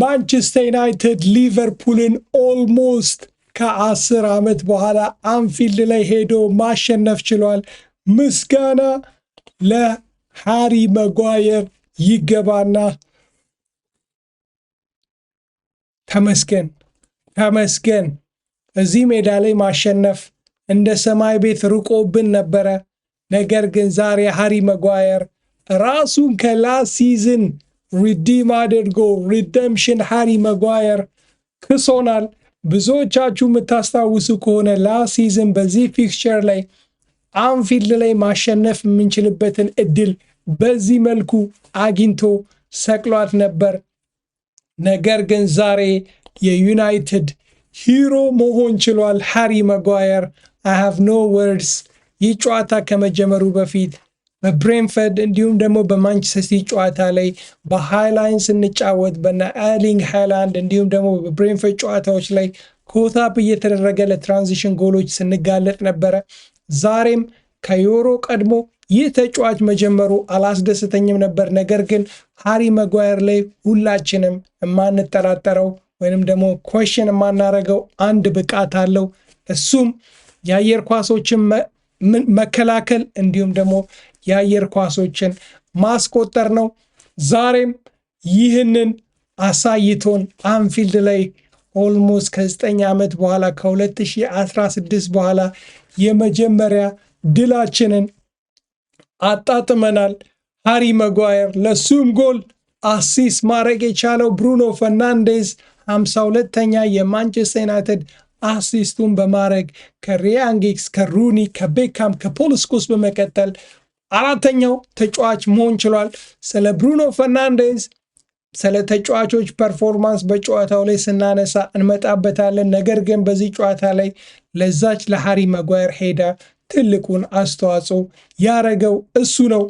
ማንቸስተር ዩናይትድ ሊቨርፑልን ኦልሞስት ከአስር ዓመት በኋላ አንፊልድ ላይ ሄዶ ማሸነፍ ችሏል። ምስጋና ለሃሪ መጓየር ይገባና ተመስገን ተመስገን። እዚህ ሜዳ ላይ ማሸነፍ እንደ ሰማይ ቤት ርቆብን ነበረ። ነገር ግን ዛሬ ሃሪ መጓየር ራሱን ከላስ ሲዝን ሪዲም አድርጎ ሪደምሽን ሃሪ መጓየር ክሶናል። ብዙዎቻችሁ የምታስታውሱ ከሆነ ላስት ሲዝን በዚህ ፊክስቸር ላይ አንፊልድ ላይ ማሸነፍ የምንችልበትን እድል በዚህ መልኩ አግኝቶ ሰቅሏት ነበር። ነገር ግን ዛሬ የዩናይትድ ሂሮ መሆን ችሏል ሃሪ መጓየር። አይ ሃቭ ኖ ወርድስ። ይህ ጨዋታ ከመጀመሩ በፊት በብሬንፈርድ እንዲሁም ደግሞ በማንቸስተር ሲቲ ጨዋታ ላይ በሃይላይን ስንጫወት በነ ኤርሊንግ ሃይላንድ እንዲሁም ደግሞ በብሬንፈርድ ጨዋታዎች ላይ ኮታፕ እየተደረገ ለትራንዚሽን ጎሎች ስንጋለጥ ነበረ። ዛሬም ከዮሮ ቀድሞ ይህ ተጫዋች መጀመሩ አላስደስተኝም ነበር። ነገር ግን ሃሪ መጓየር ላይ ሁላችንም የማንጠራጠረው ወይንም ደግሞ ኮሽን የማናረገው አንድ ብቃት አለው። እሱም የአየር ኳሶችን መከላከል እንዲሁም ደግሞ የአየር ኳሶችን ማስቆጠር ነው። ዛሬም ይህንን አሳይቶን አንፊልድ ላይ ኦልሞስት ከ9 ዓመት በኋላ ከ2016 በኋላ የመጀመሪያ ድላችንን አጣጥመናል። ሃሪ መጓየር ለሱም ጎል አሲስ ማድረግ የቻለው ብሩኖ ፈርናንዴዝ 52ተኛ የማንቸስተር ዩናይትድ አሲስቱን በማድረግ ከሪያን ጊግስ፣ ከሩኒ፣ ከቤካም፣ ከፖል ስኮልስ በመቀጠል አራተኛው ተጫዋች መሆን ችሏል። ስለ ብሩኖ ፈርናንዴዝ ስለ ተጫዋቾች ፐርፎርማንስ በጨዋታው ላይ ስናነሳ እንመጣበታለን። ነገር ግን በዚህ ጨዋታ ላይ ለዛች ለሃሪ መጓየር ሄዳ ትልቁን አስተዋጽኦ ያረገው እሱ ነው።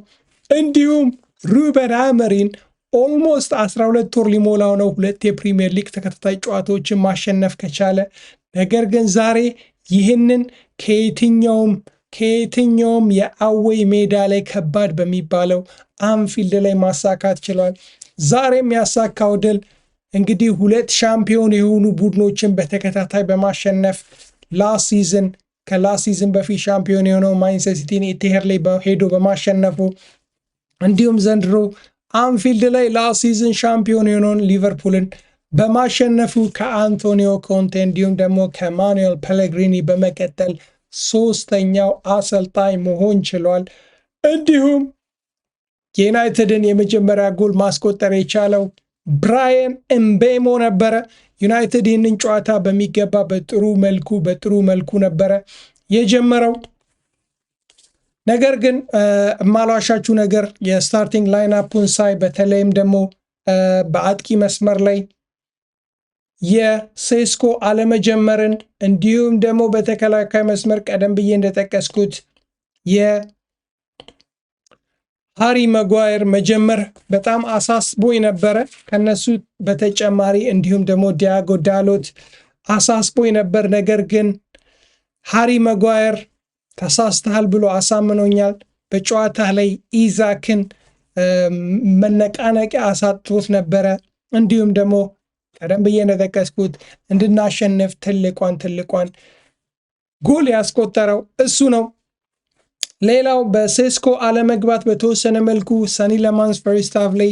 እንዲሁም ሩበን አመሪን ኦልሞስት 12 ወር ሊሞላው ነው ሁለት የፕሪሚየር ሊግ ተከታታይ ጨዋታዎችን ማሸነፍ ከቻለ ነገር ግን ዛሬ ይህንን ከየትኛውም ከየትኛውም የአዌይ ሜዳ ላይ ከባድ በሚባለው አንፊልድ ላይ ማሳካት ችሏል። ዛሬም ያሳካው ድል እንግዲህ ሁለት ሻምፒዮን የሆኑ ቡድኖችን በተከታታይ በማሸነፍ ላስ ሲዝን ከላስ ሲዝን በፊት ሻምፒዮን የሆነው ማንቸስተር ሲቲን ኢቲሄድ ላይ ሄዶ በማሸነፉ እንዲሁም ዘንድሮ አንፊልድ ላይ ላስ ሲዝን ሻምፒዮን የሆነውን ሊቨርፑልን በማሸነፉ ከአንቶኒዮ ኮንቴ እንዲሁም ደግሞ ከማኑኤል ፔሌግሪኒ በመቀጠል ሶስተኛው አሰልጣኝ መሆን ችሏል። እንዲሁም የዩናይትድን የመጀመሪያ ጎል ማስቆጠር የቻለው ብራየን እምቤሞ ነበረ። ዩናይትድ ይህንን ጨዋታ በሚገባ በጥሩ መልኩ በጥሩ መልኩ ነበረ የጀመረው። ነገር ግን የማሏሻችሁ ነገር የስታርቲንግ ላይናፑን ሳይ በተለይም ደግሞ በአጥቂ መስመር ላይ የሴስኮ አለመጀመርን እንዲሁም ደግሞ በተከላካይ መስመር ቀደም ብዬ እንደጠቀስኩት የሃሪ መጓየር መጀመር በጣም አሳስቦ ነበረ። ከነሱ በተጨማሪ እንዲሁም ደግሞ ዲያጎ ዳሎት አሳስቦ ነበር። ነገር ግን ሃሪ መጓየር ተሳስተሃል ብሎ አሳምኖኛል። በጨዋታ ላይ ኢዛክን መነቃነቂያ አሳጥቶት ነበረ እንዲሁም ደግሞ ቀደም ብዬ እንደጠቀስኩት እንድናሸንፍ ትልቋን ትልቋን ጎል ያስቆጠረው እሱ ነው። ሌላው በሴስኮ አለመግባት በተወሰነ መልኩ ሰኒ ለማንስ ፈርስታፍ ላይ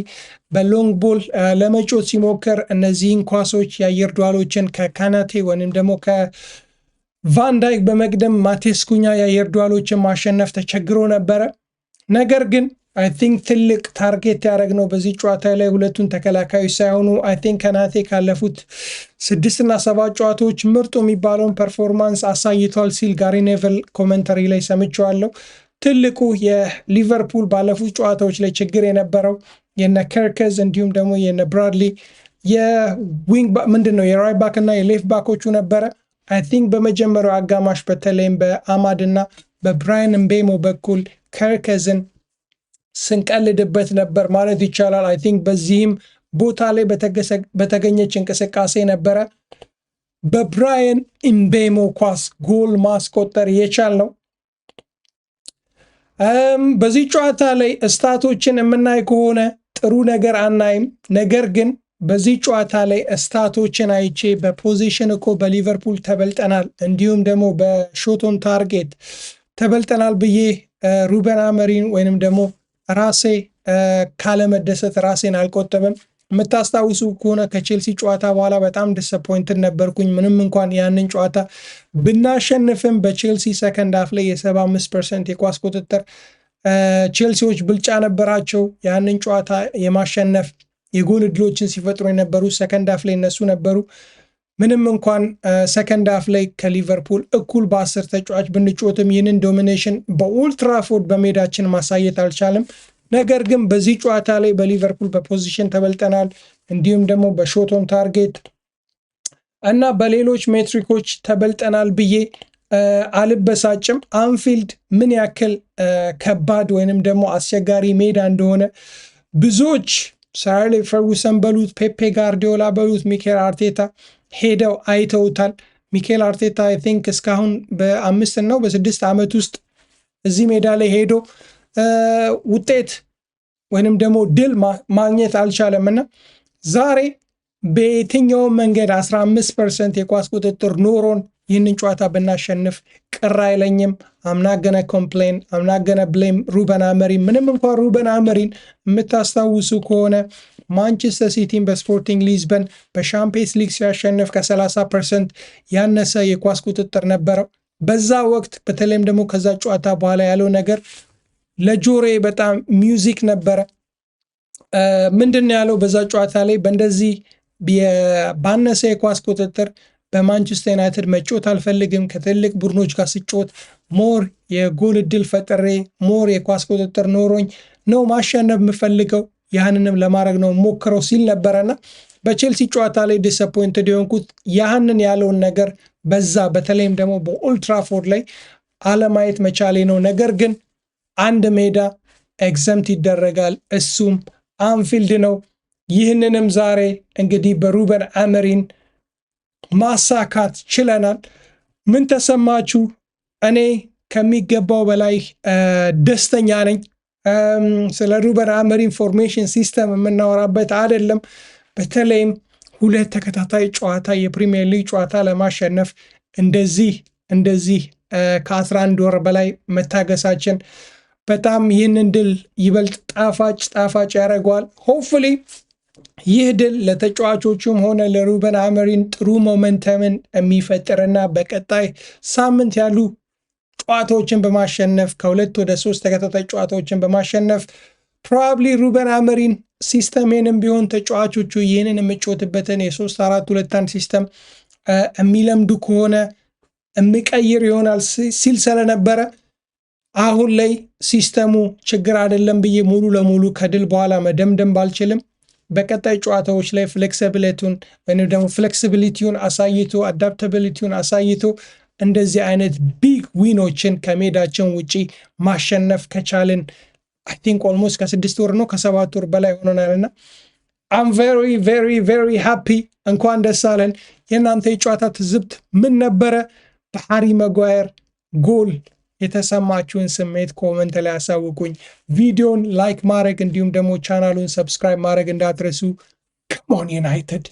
በሎንግ ቦል ለመጮት ሲሞክር እነዚህን ኳሶች የአየር ዱዋሎችን ከካናቴ ወይም ደግሞ ከቫንዳይክ በመቅደም ማቴስኩኛ የአየር ዱዋሎችን ማሸነፍ ተቸግሮ ነበረ። ነገር ግን አይ ቲንክ ትልቅ ታርጌት ያደረግነው በዚህ ጨዋታ ላይ ሁለቱን ተከላካዮች ሳይሆኑ አይ ቲንክ ከናቴ ካለፉት ስድስትና ሰባት ጨዋታዎች ምርጡ የሚባለውን ፐርፎርማንስ አሳይቷል ሲል ጋሪ ኔቨል ኮመንተሪ ላይ ሰምቸዋለሁ ትልቁ የሊቨርፑል ባለፉት ጨዋታዎች ላይ ችግር የነበረው የነ ከርከዝ እንዲሁም ደግሞ የነ ብራድሊ የዊንግ ምንድን ነው የራይት ባክ እና የሌፍት ባኮቹ ነበረ። አይ ቲንክ በመጀመሪያው አጋማሽ በተለይም በአማድ እና በብራያን ምቤሞ በኩል ከርከዝን ስንቀልድበት ነበር ማለት ይቻላል። አይ ቲንክ በዚህም ቦታ ላይ በተገኘች እንቅስቃሴ ነበረ በብራየን ኢምቤሞ ኳስ ጎል ማስቆጠር የቻል ነው። በዚህ ጨዋታ ላይ እስታቶችን የምናይ ከሆነ ጥሩ ነገር አናይም። ነገር ግን በዚህ ጨዋታ ላይ እስታቶችን አይቼ በፖዚሽን እኮ በሊቨርፑል ተበልጠናል፣ እንዲሁም ደግሞ በሾቶን ታርጌት ተበልጠናል ብዬ ሩበን አመሪን ወይንም ደግሞ ራሴ ካለመደሰት ራሴን አልቆጠበም። የምታስታውሱ ከሆነ ከቼልሲ ጨዋታ በኋላ በጣም ዲስአፖይንትድ ነበርኩኝ። ምንም እንኳን ያንን ጨዋታ ብናሸንፍም በቼልሲ ሰከንድ አፍ ላይ የ75 ፐርሰንት የኳስ ቁጥጥር ቼልሲዎች ብልጫ ነበራቸው። ያንን ጨዋታ የማሸነፍ የጎል እድሎችን ሲፈጥሩ የነበሩ ሰከንድ አፍ ላይ እነሱ ነበሩ። ምንም እንኳን ሰከንድ ሀፍ ላይ ከሊቨርፑል እኩል በአስር ተጫዋች ብንጮትም ይህንን ዶሚኔሽን በኦልትራፎርድ በሜዳችን ማሳየት አልቻለም። ነገር ግን በዚህ ጨዋታ ላይ በሊቨርፑል በፖዚሽን ተበልጠናል፣ እንዲሁም ደግሞ በሾቶን ታርጌት እና በሌሎች ሜትሪኮች ተበልጠናል ብዬ አልበሳጭም። አንፊልድ ምን ያክል ከባድ ወይንም ደግሞ አስቸጋሪ ሜዳ እንደሆነ ብዙዎች ሰር አሌክስ ፈርጉሰን በሉት፣ ፔፔ ጋርዲዮላ በሉት፣ ሚኬል አርቴታ ሄደው አይተውታል። ሚኬል አርቴታ አይ ቲንክ እስካሁን በአምስት ነው በስድስት ዓመት ውስጥ እዚህ ሜዳ ላይ ሄዶ ውጤት ወይንም ደግሞ ድል ማግኘት አልቻለም እና ዛሬ በየትኛውም መንገድ 15 ፐርሰንት የኳስ ቁጥጥር ኖሮን ይህንን ጨዋታ ብናሸንፍ ቅር አይለኝም። አምናገነ ኮምፕሌን አምናገነ ብሌም ሩበን አመሪን ምንም እንኳን ሩበን አመሪን የምታስታውሱ ከሆነ ማንቸስተር ሲቲን በስፖርቲንግ ሊዝበን በሻምፒየንስ ሊግ ሲያሸንፍ ከ30 ፐርሰንት ያነሰ የኳስ ቁጥጥር ነበረው። በዛ ወቅት በተለይም ደግሞ ከዛ ጨዋታ በኋላ ያለው ነገር ለጆሬ በጣም ሚውዚክ ነበረ። ምንድን ያለው በዛ ጨዋታ ላይ በእንደዚህ ባነሰ የኳስ ቁጥጥር በማንቸስተር ዩናይትድ መጫወት አልፈልግም። ከትልቅ ቡድኖች ጋር ስጫወት ሞር የጎል እድል ፈጥሬ ሞር የኳስ ቁጥጥር ኖሮኝ ነው ማሸነፍ የምፈልገው ያህንንም ለማድረግ ነው ሞክረው ሲል ነበረና በቼልሲ ጨዋታ ላይ ዲስአፖይንትድ የሆንኩት ያህንን ያለውን ነገር በዛ በተለይም ደግሞ በኦልትራፎርድ ላይ አለማየት መቻሌ ነው። ነገር ግን አንድ ሜዳ ኤግዘምት ይደረጋል፣ እሱም አንፊልድ ነው። ይህንንም ዛሬ እንግዲህ በሩበን አመሪን ማሳካት ችለናል። ምን ተሰማችሁ? እኔ ከሚገባው በላይ ደስተኛ ነኝ። ስለ ሩበን አመር ኢንፎርሜሽን ሲስተም የምናወራበት አይደለም። በተለይም ሁለት ተከታታይ ጨዋታ የፕሪሚየር ሊግ ጨዋታ ለማሸነፍ እንደዚህ እንደዚህ ከ11 ወር በላይ መታገሳችን በጣም ይህንን ድል ይበልጥ ጣፋጭ ጣፋጭ ያደርገዋል። ሆፕፉሊ ይህ ድል ለተጫዋቾቹም ሆነ ለሩበን አመሪን ጥሩ ሞመንተምን የሚፈጥርና በቀጣይ ሳምንት ያሉ ጨዋታዎችን በማሸነፍ ከሁለት ወደ ሶስት ተከታታይ ጨዋታዎችን በማሸነፍ ፕሮባብሊ ሩበን አመሪን ሲስተምንም ቢሆን ተጫዋቾቹ ይህንን የምጮትበትን የሶስት አራት ሁለት አንድ ሲስተም የሚለምዱ ከሆነ የሚቀይር ይሆናል ሲል ስለነበረ አሁን ላይ ሲስተሙ ችግር አይደለም ብዬ ሙሉ ለሙሉ ከድል በኋላ መደምደም ባልችልም በቀጣይ ጨዋታዎች ላይ ፍሌክሲብሊቱን ወይም ደግሞ ፍሌክሲቢሊቲውን አሳይቶ አዳፕታቢሊቲውን አሳይቶ እንደዚህ አይነት ቢግ ዊኖችን ከሜዳችን ውጪ ማሸነፍ ከቻልን አይ ቲንክ ኦልሞስት ከስድስት ወር ነው ከሰባት ወር በላይ ሆኖናልና አም ቨሪ ቬሪ ቨሪ ሃፒ እንኳን ደስ አለን። የእናንተ የጨዋታ ትዝብት ምን ነበረ? በሃሪ መጓየር ጎል የተሰማችሁን ስሜት ኮመንት ላይ ያሳውቁኝ። ቪዲዮን ላይክ ማድረግ እንዲሁም ደግሞ ቻናሉን ሰብስክራይብ ማድረግ እንዳትረሱ። ከሞን ዩናይትድ